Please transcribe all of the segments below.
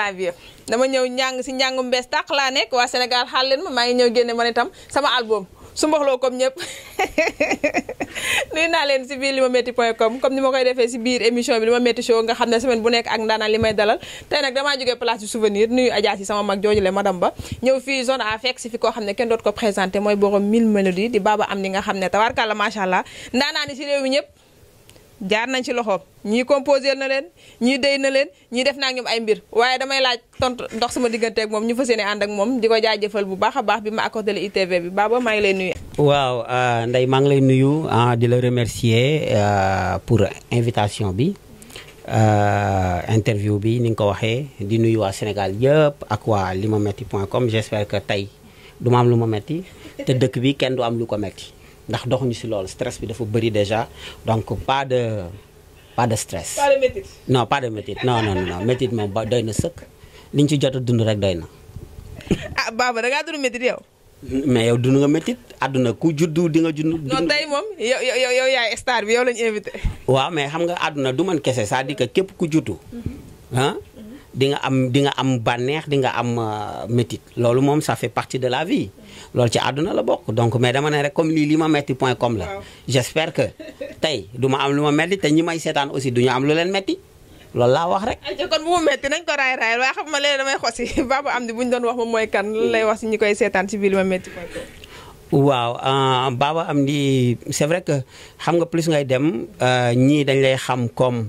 clavier dama ñëw njàng si njàngum bees tàq laa nekk waa Sénégal xaal leen ma maa ñëw génne man itam sama album su mboxloo comme ñëpp nuyu naa leen si biir limametti point com comme ni ma koy defee si biir émission bi Limametti Show nga xam ne semaine bu nekk ak ndaanaan li may dalal tey nag damaa jógee place du souvenir nuyu Adja si sama mag joojule madame ba ñëw fii zone A si fi koo xam ne kenn doot ko présenté mooy borom mille mélodies jaar nañ ci loxoom ñii composé na leen ñii dey na leen ñii def naa ñoom ay mbir waaye damay laaj tontu ndox sama diggante moom ñu fas yéene ànd ak moom di ko jaajëfal bu baax a baax bi ma accordé le ITV bi Baba maa ngi lay nuyu. waaw euh, Ndeye maa ngi lay nuyu ah, di la remercier euh, pour invitation bi euh, interview bi ni nga ko waxee di nuyu waa Sénégal yëpp ak waa limametti point com j'espère que tey du ma am lu ma metti te dëkk bi kenn du am lu ko metti ndax doxuñu ci lool stress bi dafa bëri déjà donc pas de pas de stress. pas de métite non pas de métite non non non métite mom ba doy na sëkk liñ ci jottu dund rek doy na. ah Baba da nga dund métite yow. mais yow dund nga métite aduna ku juddu di nga jund. non tay mom yow yow yow yaay star bi yow lañ invité. waaw mais xam nga aduna du man kessé ça dit que képp ku juddu. Mhm. hein di nga am di nga am bànneex di nga am euh, métit loolu moom ça fait partie de la vie loolu ci àdduna la bokk donc mais dama ne rek comme lii li ma metti point com la j'espère que ma am lu ma metti te ñi may seetaan aussi du ñu am lu leen metti loolu laa wax rek. ayca kon bu mu metti nañ ko raay raay waaye xam ma léegi damay xosi Babou Amdy bu ñu doon wax moom kan lan lay wax si ñi koy seetaan si biir li ma metti point com waaw euh, vrai que xam nga plus ngay dem euh, ñii dañ lay xam comme.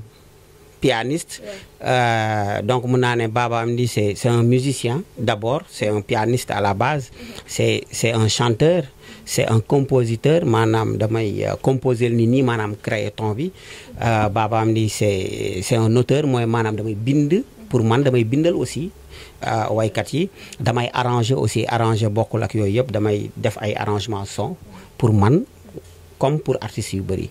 pianiste. Euh, donc Mounane Baba Amdi, c'est un musicien d'abord, c'est un pianiste à la base, mm-hmm. c'est un chanteur. c'est un compositeur Manam damay euh, composer nini, ñi maanaam créer ton vie, euh, Baba Amdi c'est c'est un auteur mooy manam damay bind pour man damay bindal aussi euh, waykat yi damay arranger aussi arranger beaucoup la yooyu yëpp damay def ay arrangement son pour man comme pour artistes yu de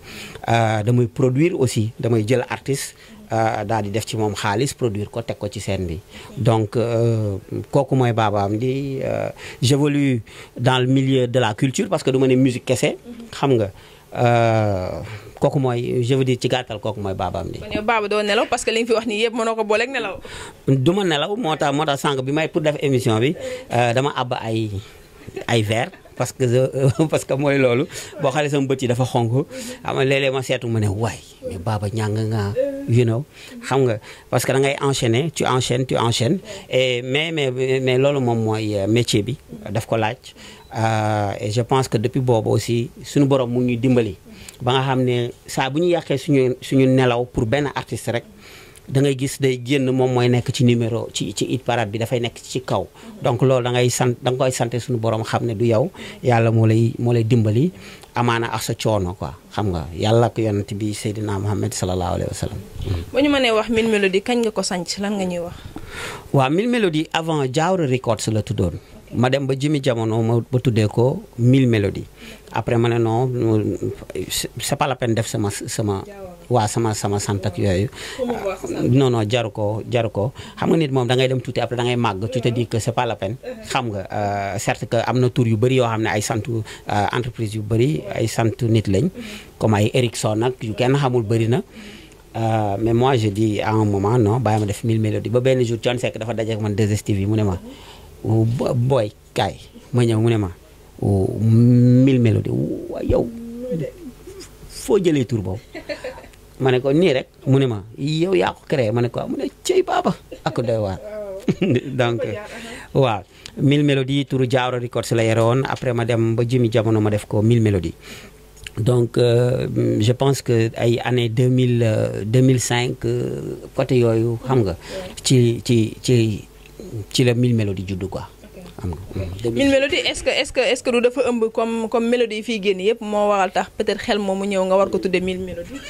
damay produire aussi damay jël artiste Euh, daal di def ci moom xaalis produire ko teg ko ci scène bi donc euh, kooku mooy baabaam di euh, j'évolue dans le milieu de la culture parce que du ma ne musique kese xam nga kooku mooy je veux dire ci gàttal kooku mooy baabaam di. kon yow baaba doo nelaw parce que li nga fi wax nii yëpp mënoo ko booleeg nelaw. du ma nelaw moo tax moo tax sànq bi may pour def émission bi dama àbb ay ay verre parce que parce que mooy loolu boo xale sama bët yi dafa xonk xam nga léeg-léeg ma seetu ma ne waay mais baaba ñàng nga. you xam nga parce que da ngay enchaîner tu enchaînes tu mais mais mais loolu moom mooy euh, métier bi daf ko laaj euh, et je pense que depuis boobu aussi suñu borom mu ñuy dimbali ba nga xam ne saa bu ñu yàqee suñu suñu nelaw pour benn artiste rek da ngay gis day génn moom mooy nekk ci numéro ci ci hit bi dafay nekk ci kaw donc loolu da ngay sant sante suñu borom xam ne du yow yàlla moo lay dimbali amaana ak sa coono quoi xam nga yàlla ak yonent bi Seydina Muhammad sallallahu alayhi wa sallam. bu ñu mënee wax Mille Mélodies kañ nga ko sànc lan nga ñuy wax. waaw Mille Mélodies avant Jawra Records la tuddoon. ma dem ba jëmi jamono ma ba tuddee ko Mille Mélodies après ma ne non c'est def sama sama waa sama sama sant ak yooyu non non jaru ko jaru ko xam nga nit moom da ngay dem tuuti après da ngay màgg tu te dis que c'est pas la peine xam nga euh, certes que am na tur yu bëri yoo xam ne ay santu euh, entreprise yu bëri ay santu nit lañ comme ay Ericsson nag yu kenn xamul bëri na Euh, mais moi je dis à un moment non bàyyi ma def mille mélodies ba benn jour Thione Seck dafa daje ak man 2STV mu ne ma booy kaay ma ñëw mu ne ma mille mélodies yow foo jëlee tur boobu ma ne ko nii rek mu ma yow yaa ko créé ma ko mu cey baaba ak doy waar donc wa mil mélodie turu jaawro records la yore woon après ma dem ba jimi jamono ma def ko mille mélodie donc euh, je pense que ay année 2000 2005 euh, euh, côté yooyu xam nga ci ci ci ci la mille mélodie juddu quoi am nga. Mm. mille mélodie est ce que est ce que est ce que du dafa ëmb comme comme mélodie yi fiy génn yëpp waral tax peut être xel moomu ñëw nga war ko tuddee mille mélodie.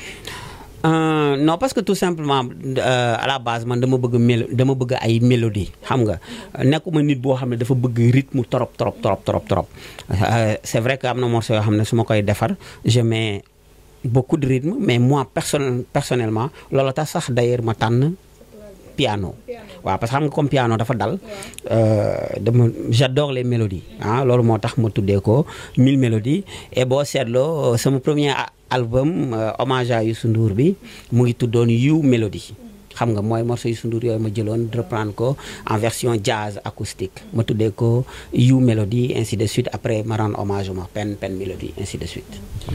Uh, non parce que tout simplement uh, à la base man dama bëgg dama bëgg ay mélodie xam nga nekuma nit bo xam dafa bëgg rythme trop trop trop trop trop uh, c'est vrai que amna na morceau yoo xam ne koy defar je mets beaucoup de rythme mais moi personne personnellement lolo tax sax d'ailleurs ma tànn piano wa parce que xam nga comme piano dafa dal euh, dama j'adore les mélodies ah loolu moo ma tuddee ko mille mélodies et bo seetloo euh, sama premier ah, album euh, hommage à Youssou Ndour bi mu ngi tuddoon You Melody xam nga mooy morceau Youssou Ndour yooyu ma jëloon reprendre ko en version jazz acoustique ma tuddee ko You Melody ainsi de suite après ma rendre hommage ma pen pen mélodie ainsi de suite.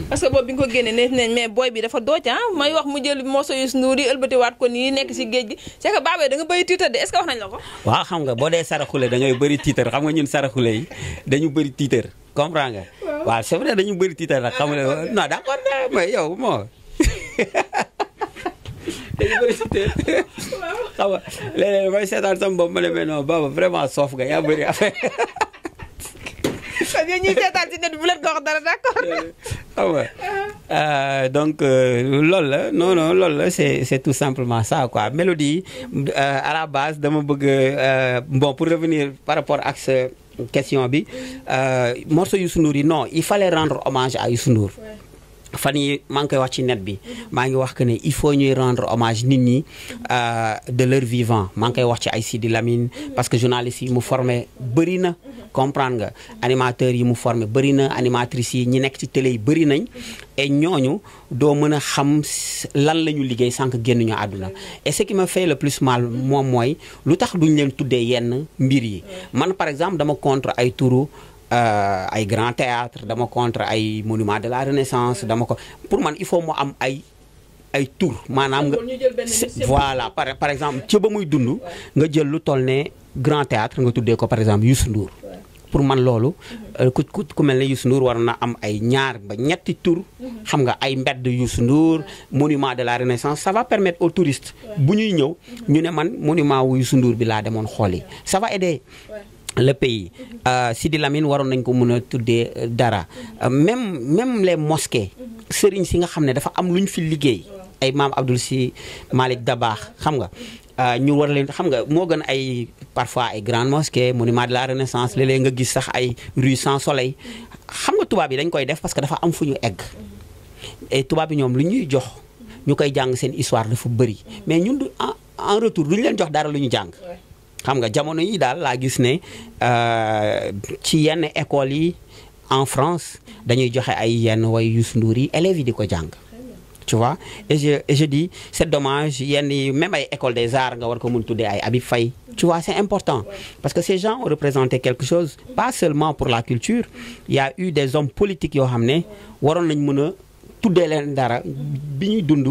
parce que boobu bi nga ko génnee nee nañ mais booy bi dafa dooj ah may wax mu jël morceau Youssou Ndour yi ëlbatiwaat ko nii nekk si géej gi c'est que baabee da bëri tiitar de est que wax nañ la ko. waaw xam nga boo dee saraxule dañooy bëri tiitar xam nga ñun saraxule yi bëri tiitar. comprends nga wa c'est vrai dañu bëri tiital nag xam nga non d'accord mais yow moo dañu bëri tiital xam nga léeg-léeg baba vraiment soof nga ya bëri affaire parce que ñuy seetaan net bu leen ko wax dara d'accord xam nga donc loolu la eh? non non loolu la eh? c'est c'est tout simplement ça quoi mélodie eh, à la base dama bëgg bon pour revenir par rapport question bi euh, morceau Youssou Ndour yi non il fallait rendre hommage à Youssou Ndour fan yi maa koy wax ci net bi maa ngi wax que ne il faut ñuy rendre hommage nit ñi euh, de leur vivant maa ngi koy wax ci ay Sidi Lamine parce que journalistes yi mu formé bëri na comprendre animateurs yi mu formé bëri na animatrices yi ñi nekk ci télé yi bëri nañ et ñooñu doo mën a xam lan la ñu liggéey sànq génnuñu àdduna et ce qui me fait le plus mal moom mooy lu tax duñ leen tuddee yenn mbir yi man par exemple dama contre ay turu Euh, ay grand théâtre dama contre ay monument de la renaissance dama ko pour man il faut moi am ay ay tour manam nga voilà par par exemple ci ba muy dund nga jël lu tolné grand théâtre nga tuddé ko par exemple Youssou Ndour pour man lolu mm-hmm. euh, ku ku mel ne Youssou Ndour warna am ay ñaar ba ñetti tour mm-hmm. xam nga ay mbedd Youssou Ndour monument de la renaissance ça va permettre aux touristes bu ñuy ñëw mm-hmm. ñu né man monument wu Youssou Ndour bi la démon xoli ça va aider le pays euh, Sidi Lamine waroon nañ ko mën a tuddee euh, dara euh, même même les mosquées sëriñ si nga xam ne dafa am lu ñu fi liggéey ay maam Abdoul Si Malick Dabaax xam nga ñu war leen xam nga moo gën ay parfois ay grandes mosquées monument de la renaissance léeg nga gis sax ay rue sans soleil xam nga tubaab yi dañ koy def parce que dafa am fu ñu egg et tubaab yi ñoom lu ñuy jox ñu koy jàng seen histoire dafa bëri mais ñun du en retour du ñu leen jox dara lu ñu jàng xam nga jamono yi daal laa gis ne euh, ci yenn écoles yi en France dañuy joxe ay yenn way Youssou Ndour yi élèves yi di ko jàng tu vois et je et je dis c'est dommage yenn yi même ay école des arts nga war ko mun tuddee ay Habib fay tu vois c'est important parce que ces gens ont représenté quelque chose pas seulement pour la culture il y a eu des hommes politiques yoo xam ne waroon nañ mën a tuddee leen dara bi ñuy dund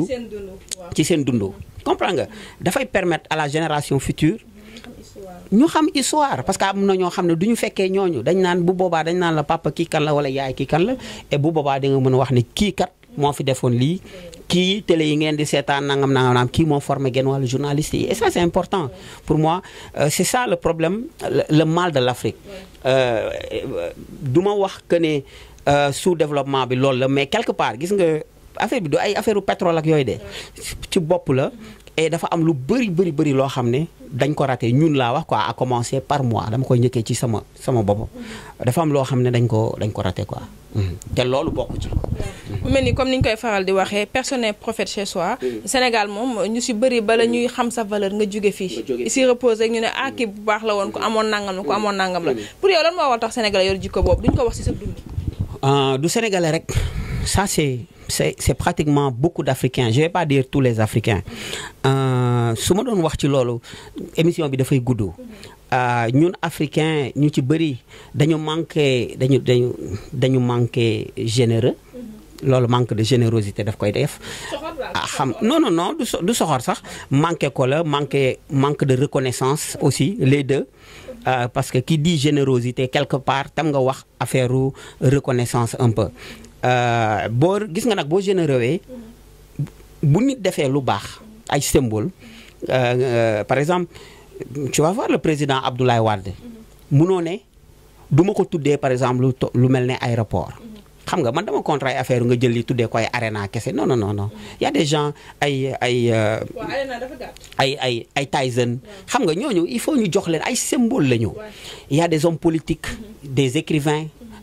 ci seen dund comprends nga dafay permettre à la génération future ñu xam histoire parce que am na ñoo xam ne du ñu fekkee ñooñu dañ naan bu boobaa dañ naan la papa kii kan la wala yaay kii kan la et bu boobaa di nga mën a wax ne kii kat moo fi defoon lii kii télé yi ngeen di seetaan nangam nangam naam kii moo formé genn wàllu journaliste yi et ça c'est important pour moi euh, c'est ça le problème le mal de l'Afrique euh, du ma wax que ne euh, sous développement bi loolu la mais quelque part gis nga affaire bi du ay affaire pétrole ak yooyu de ci bopp la et dafa am lu bëri bëri bëri loo xam ne dañ ko rate ñun laa wax quoi à commencer par moi dama koy njëkkee ci sama sama bopp dafa am loo xam ne dañ ko dañ ko raté quoi hmm. te loolu bokk ci. mu mel ni comme ni ñu koy faral di waxee personne prophète chez soi. Hmm. Sénégal moom ñu si bëri bala ñuy xam sa valeur nga jóge fii. si repose rek ñu ne ah kii bu baax la woon ko amoon nangam la ko amoon nangam la hmm. pour yow lan moo war tax Sénégalais yor jikko boobu duñ ko wax si sa dund. Ah, du Sénégalais rek ça c'est c'est pratiquement beaucoup d'Africains je vais pas dire tous les Africains euh, su je doon wax ci l'émission émission bi euh, nous Africains nous ci dañu Nous dañu généreux. manque de générosité daf koy def. Ah, non non non du manque de reconnaissance aussi les deux. Euh, parce que qui dit générosité quelque part tam nga wax reconnaissance un peu. Euh, boo gis nga nag boo générewee bu nit défé lu bax ay symbole euh, euh, par exemple tu vas voir le président Abdoulaye Wade munoo ne par exemple lu aéroport xam nga man dama contre affaire nga jël li tuddé non non non non y a des gens ay ay. ay Tyson. xam nga il faut ñu jox leen ay symbole la y a des hommes politiques mhm. des écrivains.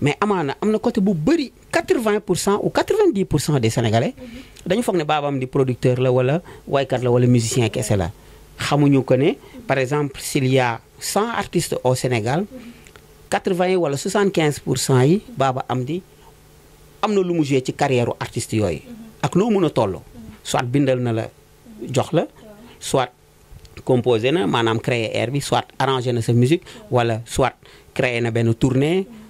mais amana amna côté bu 80 ou 90 des sénégalais dañu fogné des di producteur la wala la wala musicien xamuñu ko par exemple s'il y a 100 artistes au Sénégal 80 ou wala 75 yi baba am carrière artiste artistes ak no soit bindal na la jox soit composer, na manam créer air soit arranger na sa musique wala soit créer une tournée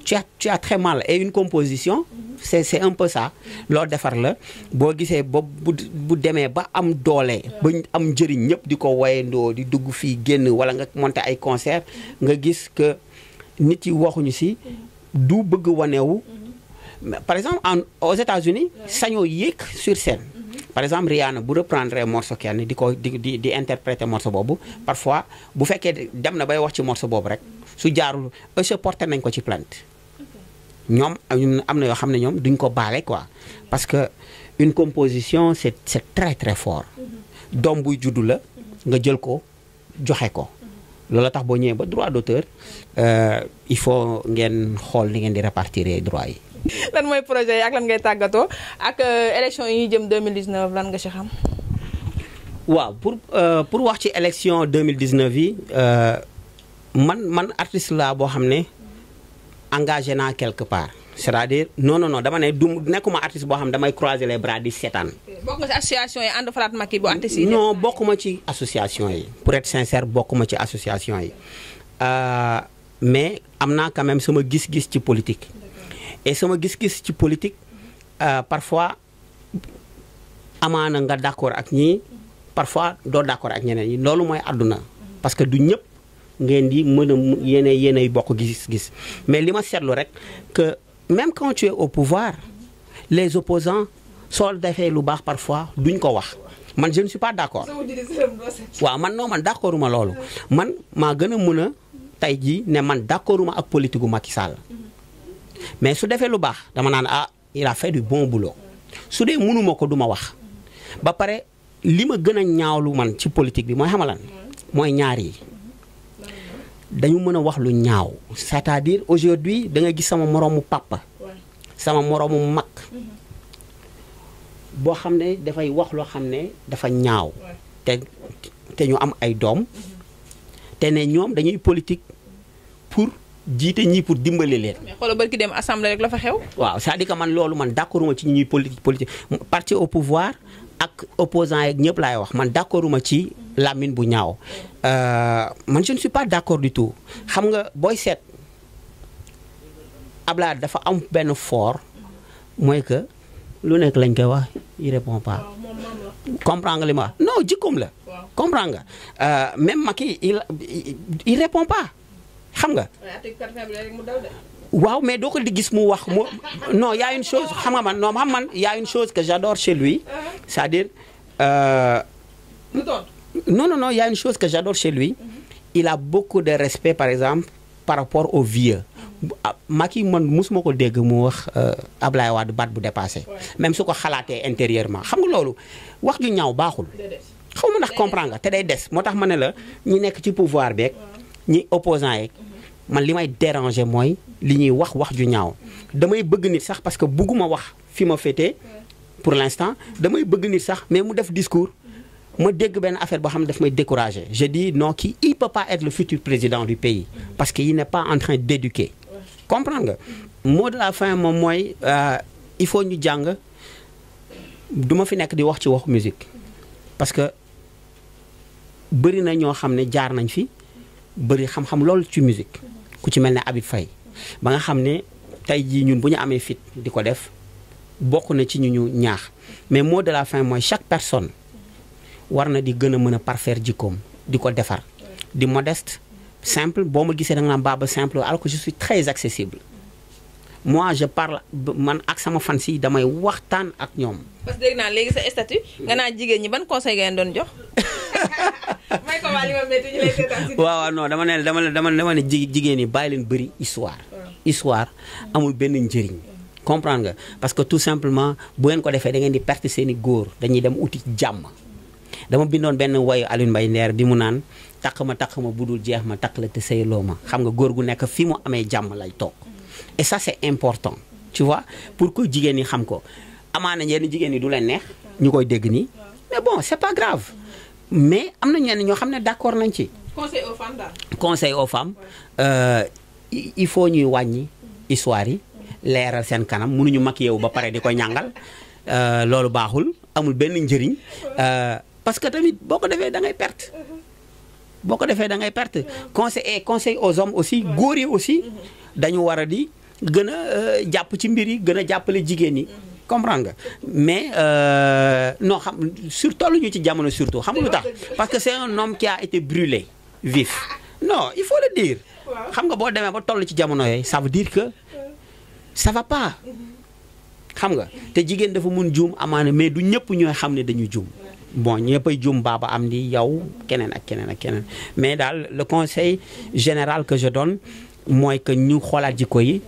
tu as tu as très mal et une composition c'est c'est un peu ça loolu defar la boo gisee ba bu bu demee ba am dolé ba am du ñëpp di ko woyandoo di dugg fii génn wala nga monter ay concert nga gis que nit yi waxuñu si du bëgg wanewu par exemple en aux États-Unis sañoo yéeg sur scène par exemple Rihanna bu un morceau qui est ko di di interpréter morceau bobu. parfois bu fekkee dem na bay wax ci morceau bobu, rek su jaarul ese porté nañ ko ci plainte ñoom am na yoo xam ne ñoom duñ ko baale quoi parce que une composition c'est c'est très très fort doom buy juddu la nga jël ko joxe ko loolu tax boo ñëwee ba droit d'auteur euh, il faut ngeen xool ni ngeen di répartir droit yi. lan mooy projet yi ak lan ngay tàggatoo ak euh, élection yi ñuy jëm 2019 lan nga ci xam. waaw pour euh, pour wax ci élection 2019 yi man man artiste laa boo xam ne. engagé naa quelque part c'est-à-dire non non non dama ne du nekkuma artiste boo xam damay croiser les bras di seetaan. bokk nga ci association yi ànd falaat Macky bu artiste yi. bokkuma ci association yi pour être sincère bokkuma ci association yi euh, mais am naa quand même sama gis-gis ci politique. et sama gis-gis ci politique euh, parfois amaana nga d'accord ak ñii parfois doo d'accord ak ñeneen yi loolu mooy àdduna parce que du ñëpp. ngeen di mën a yéenay yéenay bokk gis-gis mais li ma seetlu rek que même quand tu es au pouvoir les opposants soo defee lu baax parfois duñ ko wax man je ne suis pas d'accord waaw man non man d'accorduma loolu man maa gën a mën a tey jii ne man d'accorduma ak politique Macky Sall mais su defee lu baax dama naan ah il a fait du bon boulot su dee mënuma ko duma wax ba pare li ma gën a ñaawlu man ci politique bi mooy xamalan mooy ñaar yi dañu mën a wax lu ñaaw c'est-à-dire aujourd'hui da nga gis sama moroomu papa sama moroomu mag mm-hmm. boo xam ne dafay wax loo xam ne dafa ñaaw te te ñu am ay doom mm-hmm. te ne ñoom dañuy politique pour jiite ñii pour dimbali leen. mais xoolal barki dem assemblée rek la fa xew. waaw c'est-à-dire man loolu man d'accorduma ci ñuy politique politique parti au pouvoir ak opposants yeeg ñëpp laay wax man d'accorduma ci làmmiñ bu ñaaw euh, man je ne suis pas d'accord du tout xam nga booy seet Ablaye dafa am benn fort mooy que lu nekk lañ koy wax il répond pas comprend nga li ma wax jikkoom la comprend nga euh, même Macky il il répond pas xam nga waaw mais doo ko di gis mu wax non y a une chose xam nga man non xam il y a une chose que j'adore chez lui c'est-à-dire euh, non non non y a une chose que j'adore chez lui il a beaucoup de respect par exemple par rapport aux vieux ah, Maki man mosuma ko dégg mu wax euh, Ablaye wad bat bu dépassé même su ko xalaatee intérieurement xam nga lolu wax ju ñaaw baxul xaw ma ndax comprendre nga té day des moo la ñi nek ci pouvoir bek ñi opposant yi man limay déranger moy li ñuy wax wax ju ñaaw damay bëgg nit sax parce que bëgguma wax fi ma fété pour l'instant damay bëgg nit sax mais mu def discours ma dégg benn affaire boo xam daf je dis non qui il peut pas être le futur président du pays parce que il n'est pas en train d'éduquer comprendre nga de la fin euh, il faut ñu jàng du ma fi di wax musique parce que bëri na ñoo xam ne jaar nañ fi bëri xam-xam lool musique ku ci mel ne abi fay ba nga xam ne tey jii ñun bu ñu amee fit di ko def bokk na ci ñu ñu ñaax mais moo de la fin mooy chaque personne war na di gën a mën a parfaire jikkoom di ko defar di modeste simple boo ma gisee da nga naan baaba simple alors que je très accessible moi je parle man ak sama fans yi damay waxtan ak ñom parce que na légui sa statut nga na jigéen ñi ban conseil ngay don jox. may ko wali ma metti ñu lay seetaan waaw waaw non dama ne dama dama dama ne jigéen ni bay leen bëri histoire. histoire amul ben njëriñ. comprendre nga parce que tout simplement bu ngeen ko defee da ngeen di perte seeni goor dañuy dem outil jamm dama bindon ben wayu aline Mbaye ner di mu nan takuma takuma budul jeex ma takk te sey loma xam nga góor gu nekk fi mu amé jamm lay tok et ça c'est important tu vois pour que jigéen ni xam ko amana yenn jigéen ni du leen neex ñu koy mais bon c'est pas grave mais amna na ño ñoo d'accord nañ ci. conseil aux femmes conseil aux femmes euh, il faut ñuy wañi histoire yi leeral seen kanam mënu ñu yow ba paré di ko euh lolu baxul amul benn njëriñ euh, parce que tamit boko défé da ngay perte. boko défé da ngay perte conseil et conseil aux hommes aussi góor aussi mm-hmm. dañu wara di gëna euh, japp ci mbir yi gën jigéen ñi. comprendre nga mais euh, non xam sur tollu ñu ci jamono surtout xam nga lu tax parce que c'est un homme qui a été brûlé vif non il faut le dire. xam nga bo démé ba toll ci jamono yooyu ça veut dire que ça va pas. xam nga te jigéen dafa mun juum amaana mais du ñëpp ñoy xamné ne dañu bon ñëppay juum Baba am yow keneen ak keneen ak keneen mais dal le conseil général que je donne mooy que ñu xoolaat jikko yi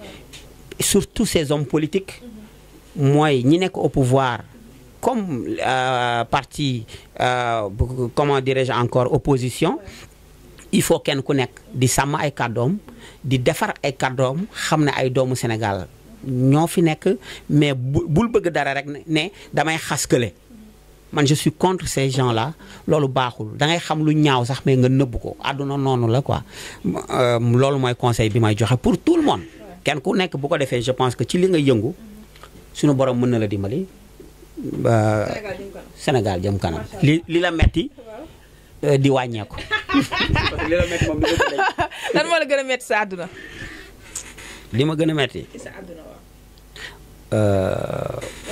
surtout ces hommes politiques moi ñi nek au pouvoir comme euh, parti euh, comment dirais-je encore opposition il faut kenn ku nek di sàmm ay kàddoom di defar ay kàddoom xam ay doomu Sénégal ñoo fi nek mais bul bëgg dara rek ne damay xaskelé man je suis contre ces gens la loolu baaxul da xam lu ñaaw sax mais nga nëbb ko àdduna noonu la quoi euh, loolu mooy conseil bi may joxe pour tout le monde kenn ku nekk bu ko defee je pense que ci li nga yëngu suñu borom mën na la dimbali Sénégal jëm kanam li li la metti euh, di wàññeeku. li la la gën a metti sa àdduna. li ma gën a metti.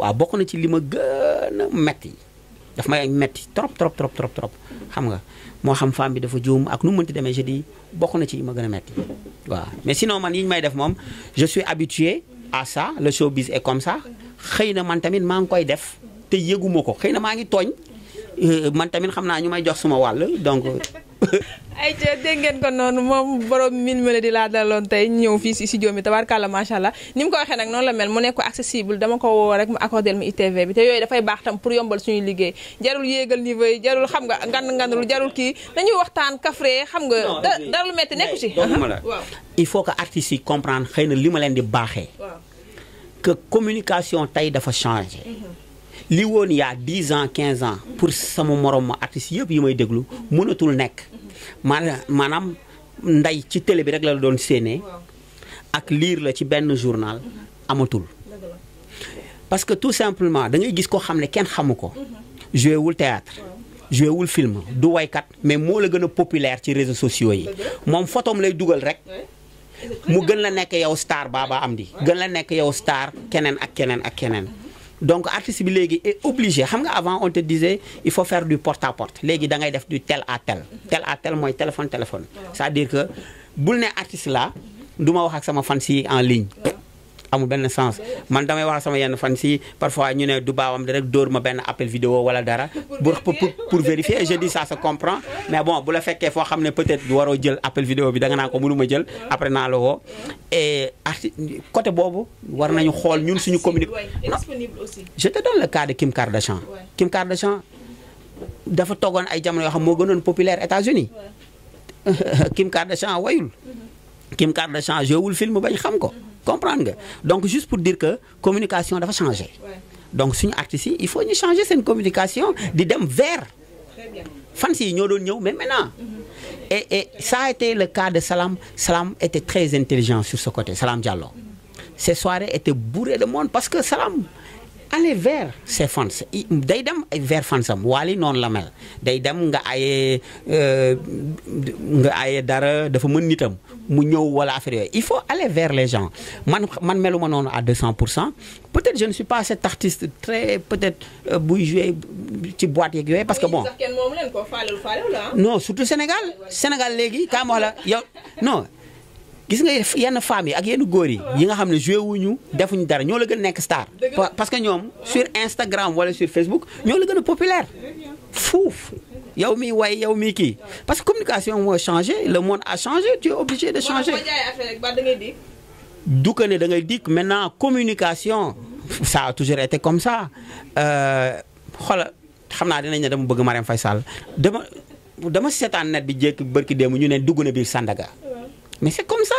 waaw bokk na ci li ma gën a metti daf may metti trop trop trop trop trop xam nga moo xam femme bi dafa juum ak nu mu mënti demee je dis bokk na ci li ma gën a metti waaw mais sinon man yi ñu may def moom je suis habitué à ça le showbiz est comme sax xëy na man tamit maa ngi koy def te yëguma ko xëy na maa ngi tooñ euh, man tamit xam naa ñu may jox suma wàll donc. ay ca dégg ngeen ko noonu moom borom mille di laa daloon tey ñëw fii si studio mi tabarkàlla macha allah ni mu ko waxee nag noonu la mel mu nekk accessible dama ko woo rek mu accordel ma ITV bi te yooyu dafay baax tam pour yombal suñuy liggéey jarul yéegal niveau yi jarul xam nga ngan nganul jarul kii dañuy waxtaan kafre xam nga dara lu metti nekku ci waaw il faut que artistes yi comprendre xëy na li ma leen di baaxee que communication tey dafa changé mhm. li woon yaa dix ans quinze ans pour sama morom ma artistes yëpp yi may déglu mënatul nekk maanaam ndey ci télé bi rek la doon séenee ak liir la ci benn journal amatul parce que tout simplement da gis ko xam ne kenn xamu ko joué wul théâtre joué wul film du waykat mais moo la gën a populaire ci réseau sociaux yi moom photom lay dugal rek mu gën la nekk yow star am di gën la nekk yow star keneen ak keneen ak keneen donc l'artiste est obligé avant on te disait il faut faire du porte à porte il da ngay du tel à tel tel à tel téléphone téléphone c'est-à-dire que si ne artiste un artiste, wax ak fans en ligne amul ben sens man damay wax sama yenn fan si parfois ñu né du baawam di rek ma peine appel vidéo wala dara pour pour pour vérifier je dis ça se comprend mais bon bu la féké fo xamné peut-être waro jël appel vidéo bi da nga naan ko mënuma jël après naa la et côté bobu war nañu xol ñun suñu communique je te donne le cas de Kim Kardashian Kim Kardashian dafa togon ay jamono un xam mo populaire États-Unis Kim Kardashian wayul mm-hmm. Kim Kardashian changé le film comprendre donc juste pour dire que la communication dafa changer. donc un acte ici, il faut changer cette communication de dem vers fans yi ñoo mais maintenant mm-hmm. et ça a été le cas de Salam Salam était très intelligent sur ce côté Salam Diallo Ces mm-hmm. soirées étaient bourrées de monde parce que Salam aller vers ces fans day dem vers fansam Wali non la mel day dem nga aye euh, nga aye dara dafa mën nitam mu wala affaire il faut aller vers les gens man man meluma à 200 peut-être je ne suis pas cet artiste très peut-être euh, buy jouer ci boîte yeeg parce que bon hein? non surtout Sénégal Sénégal les gars ma yow non gis nga yenn femme yi ak yenn góor yi yi nga xam ne joué wuñu defuñu dara ñoo la gën nekk star parce que ñoom sur Instagram wala sur Facebook ñoo la gën a populaire fouf yow mi way yow mi kii parce que communication moo changé le monde a changé tu es obligé de changer du ko ne da ngay dikk maintenant communication ça a toujours été comme ça euh, xoola xam naa dinañ ne dama bëgg mariam Faye Sall dama dama seetaan net bi jékki barki démb ñu ne dugg na biir Sandaga mais c'est comme ça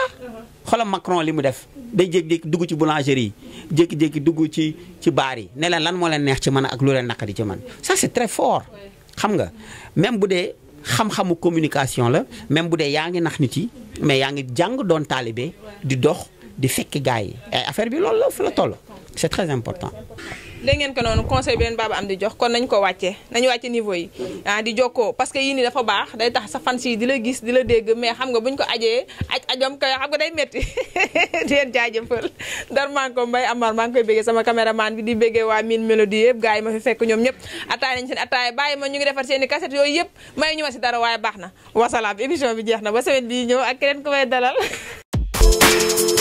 xoolal Macron limu def day jékki-jékki dugg ci boulangerie yi jékki dugg ci ci baar yi ne leen lan mo len neex ci man ak lu ci man ça c'est très fort xam nga même bu xam-xamu communication la même bu yaangi yaa ngi nax nit yi mais yaangi jang don Talibé di dox di fekk gaay affaire bi loolu la tollu c'est très important dégg ngeen ko noonu conseil beneen baaba am di jox kon nañ ko wàccee nañu wàcce niveau yi ah di jokkoo parce que yii nii dafa baax day tax sa fans yi di la gis di la dégg mais xam nga buñ ko ajee aj ajom ko xam nga day metti di leen jaajëfal dar maa ngi ko mbay amar maa ngi koy béggee sama caméraman bi di béggee waa mine mélodie yëpp gars yi ma fi fekk ñoom ñëpp ataay nañ seen ataay bàyyi ma ñu ngi defar seen i yooyu yëpp may ñu ma si dara waaye bi jeex na ba semaine bi ñëw ak keneen ku may